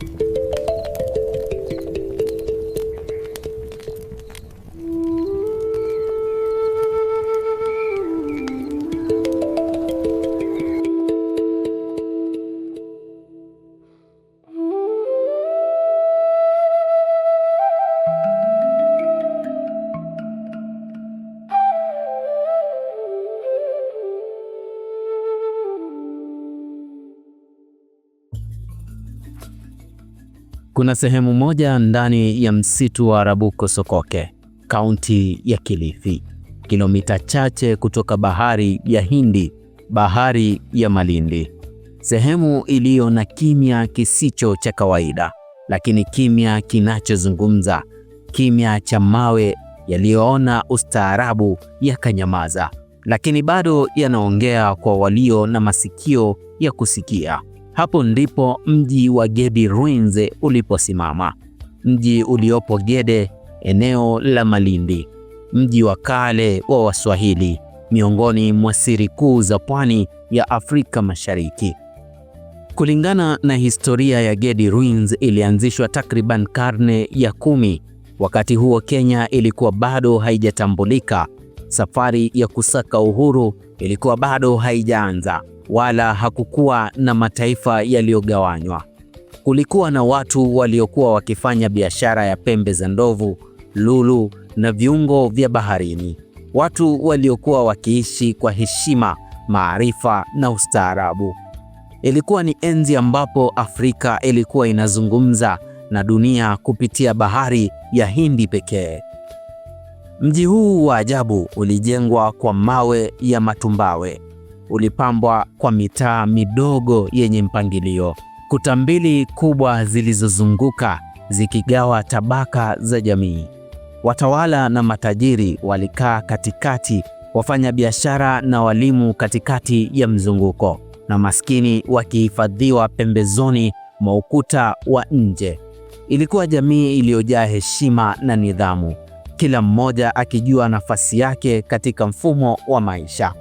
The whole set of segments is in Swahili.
Thank you. Kuna sehemu moja ndani ya msitu wa Arabuko Sokoke, kaunti ya Kilifi, kilomita chache kutoka bahari ya Hindi, bahari ya Malindi, sehemu iliyo na kimya kisicho cha kawaida, lakini kimya kinachozungumza, kimya cha mawe yaliyoona ustaarabu yakanyamaza, lakini bado yanaongea kwa walio na masikio ya kusikia. Hapo ndipo mji wa Gedi Ruins uliposimama, mji uliopo Gede, eneo la Malindi, mji wa kale wa Waswahili, miongoni mwa siri kuu za pwani ya Afrika Mashariki. Kulingana na historia ya Gedi Ruins, ilianzishwa takriban karne ya kumi. Wakati huo Kenya ilikuwa bado haijatambulika, safari ya kusaka uhuru ilikuwa bado haijaanza wala hakukuwa na mataifa yaliyogawanywa. Kulikuwa na watu waliokuwa wakifanya biashara ya pembe za ndovu, lulu na viungo vya baharini, watu waliokuwa wakiishi kwa heshima, maarifa na ustaarabu. Ilikuwa ni enzi ambapo Afrika ilikuwa inazungumza na dunia kupitia bahari ya Hindi pekee. Mji huu wa ajabu ulijengwa kwa mawe ya matumbawe ulipambwa kwa mitaa midogo yenye mpangilio, kuta mbili kubwa zilizozunguka zikigawa tabaka za jamii. Watawala na matajiri walikaa katikati, wafanyabiashara na walimu katikati ya mzunguko, na maskini wakihifadhiwa pembezoni mwa ukuta wa nje. Ilikuwa jamii iliyojaa heshima na nidhamu, kila mmoja akijua nafasi yake katika mfumo wa maisha.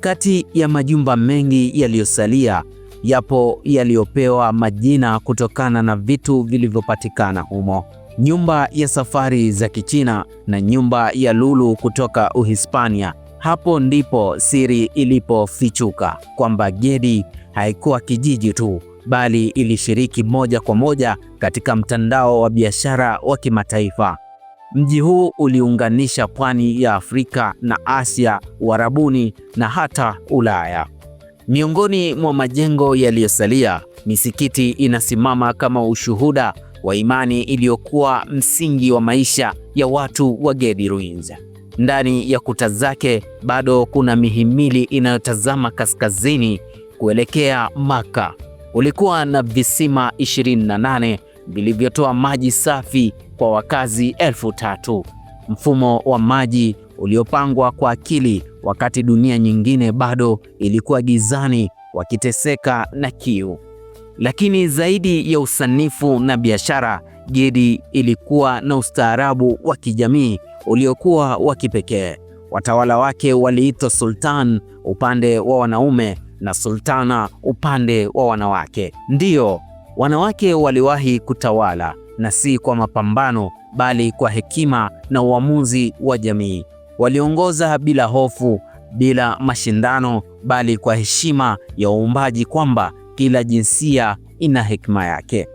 Kati ya majumba mengi yaliyosalia, yapo yaliyopewa majina kutokana na vitu vilivyopatikana humo: nyumba ya safari za Kichina na nyumba ya lulu kutoka Uhispania. Hapo ndipo siri ilipofichuka kwamba Gedi haikuwa kijiji tu, bali ilishiriki moja kwa moja katika mtandao wa biashara wa kimataifa. Mji huu uliunganisha pwani ya Afrika na Asia, Uarabuni na hata Ulaya. Miongoni mwa majengo yaliyosalia, misikiti inasimama kama ushuhuda wa imani iliyokuwa msingi wa maisha ya watu wa Gedi Ruins. Ndani ya kuta zake bado kuna mihimili inayotazama kaskazini kuelekea Maka. Ulikuwa na visima 28 vilivyotoa maji safi kwa wakazi elfu tatu. Mfumo wa maji uliopangwa kwa akili, wakati dunia nyingine bado ilikuwa gizani, wakiteseka na kiu. Lakini zaidi ya usanifu na biashara, Gedi ilikuwa na ustaarabu wa kijamii uliokuwa wa kipekee. Watawala wake waliitwa sultan upande wa wanaume na sultana upande wa wanawake. Ndiyo, wanawake waliwahi kutawala, na si kwa mapambano, bali kwa hekima na uamuzi wa jamii. Waliongoza bila hofu, bila mashindano, bali kwa heshima ya uumbaji, kwamba kila jinsia ina hekima yake.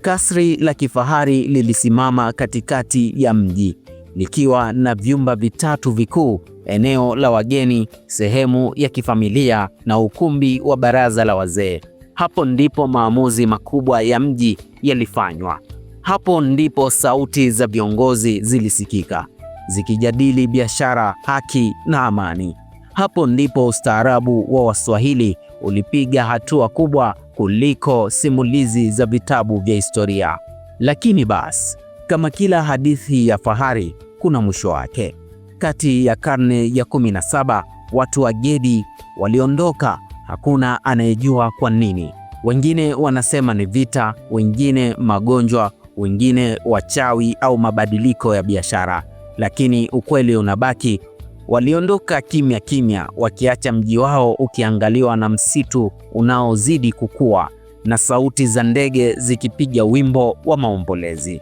Kasri la kifahari lilisimama katikati ya mji likiwa na vyumba vitatu vikuu, eneo la wageni, sehemu ya kifamilia na ukumbi wa baraza la wazee. Hapo ndipo maamuzi makubwa ya mji yalifanywa. Hapo ndipo sauti za viongozi zilisikika zikijadili biashara, haki na amani. Hapo ndipo ustaarabu wa Waswahili ulipiga hatua kubwa kuliko simulizi za vitabu vya historia. Lakini basi, kama kila hadithi ya fahari, kuna mwisho wake. Kati ya karne ya 17 watu wa Gedi waliondoka, hakuna anayejua kwa nini. Wengine wanasema ni vita, wengine magonjwa, wengine wachawi au mabadiliko ya biashara, lakini ukweli unabaki. Waliondoka kimya kimya, wakiacha mji wao ukiangaliwa na msitu unaozidi kukua na sauti za ndege zikipiga wimbo wa maombolezi.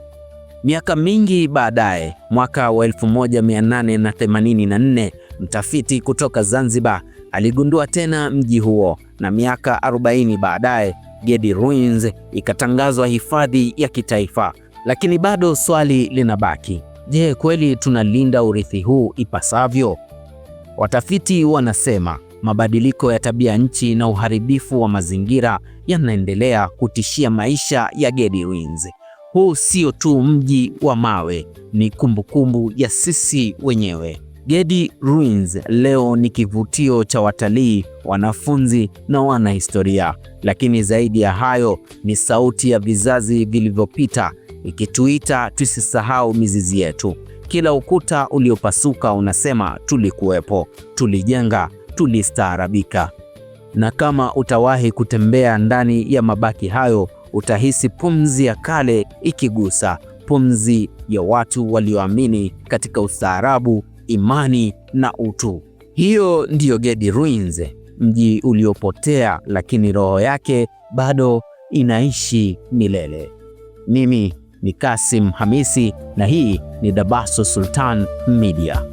Miaka mingi baadaye, mwaka wa 1884, mtafiti kutoka Zanzibar aligundua tena mji huo na miaka 40 baadaye Gedi Ruins ikatangazwa hifadhi ya kitaifa. Lakini bado swali linabaki. Je, kweli tunalinda urithi huu ipasavyo? Watafiti wanasema mabadiliko ya tabia nchi na uharibifu wa mazingira yanaendelea kutishia maisha ya Gedi Ruins. Huu sio tu mji wa mawe, ni kumbukumbu ya sisi wenyewe. Gedi Ruins leo ni kivutio cha watalii, wanafunzi na wanahistoria, lakini zaidi ya hayo ni sauti ya vizazi vilivyopita ikituita tusisahau mizizi yetu. Kila ukuta uliopasuka unasema tulikuwepo, tulijenga, tulistaarabika. Na kama utawahi kutembea ndani ya mabaki hayo, utahisi pumzi ya kale ikigusa, pumzi ya watu walioamini katika ustaarabu imani na utu. Hiyo ndiyo Gedi Ruins, mji uliopotea lakini roho yake bado inaishi milele. Mimi ni Kasim Hamisi na hii ni Dabaso Sultan Media.